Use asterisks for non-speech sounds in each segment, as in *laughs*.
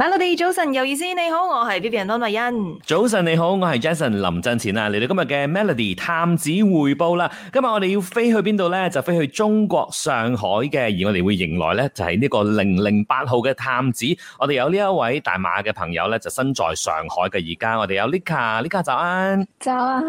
Melody 早晨有意思，你好，我係 B B 人安慧欣。早晨你好，我係 Jason 林振前啊，嚟到今日嘅 Melody 探子回報啦。今日我哋要飛去邊度咧？就飛去中國上海嘅，而我哋會迎來咧就係、是、呢個零零八號嘅探子。我哋有呢一位大馬嘅朋友咧，就身在上海嘅。而家我哋有 Lika，Lika Lika，早安，早安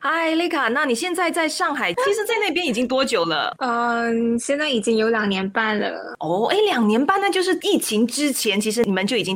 ，Hi Lika，那你現在在上海？ *laughs* 其實，在那邊已經多久了？嗯、uh，現在已經有兩年半了。哦、oh，誒，兩年半，呢，就是疫情之前，其實你們就已經。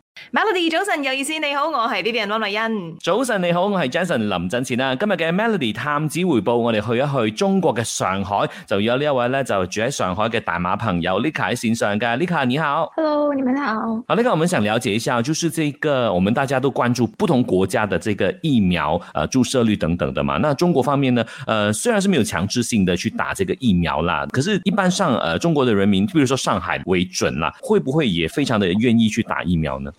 Melody 早晨有意思，你好，我係呢 B 人安麗欣。早晨你好，我係 Jason 林振前啦。今日嘅 Melody 探子回報，我哋去一去中國嘅上海，就有呢一位咧就住喺上海嘅大馬朋友 Lika 喺線上嘅，Lika 你好。Hello，你們好。好，Lika，我們想了解一下，就是這個，我們大家都關注不同國家的這個疫苗，呃，注射率等等的嘛。那中國方面呢，呃，雖然是沒有強制性的去打這個疫苗啦，可是，一般上，呃，中國的人民，譬如說上海為準啦，會不會也非常的願意去打疫苗呢？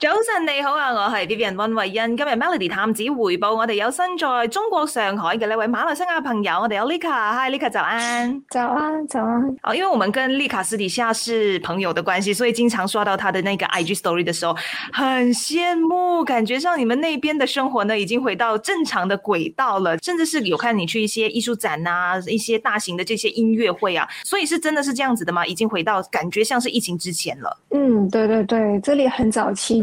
早晨你好啊，我係 B B 人溫維印，今日 Melody 探子回報，我哋有身在中國上海嘅呢位馬來西亞朋友，我哋有 l i k a h i l i k a 早安、早安、早安。啊，因為我們跟麗卡私底下是朋友的關係，所以經常刷到佢嘅那個 IG story 嘅時候，很羨慕，感覺上你們那邊嘅生活呢已經回到正常的軌道了，甚至是有看你去一些藝術展啊，一些大型的這些音樂會啊，所以是真的是這樣子的嗎？已經回到感覺像是疫情之前了。嗯，對對對，這裏很早期。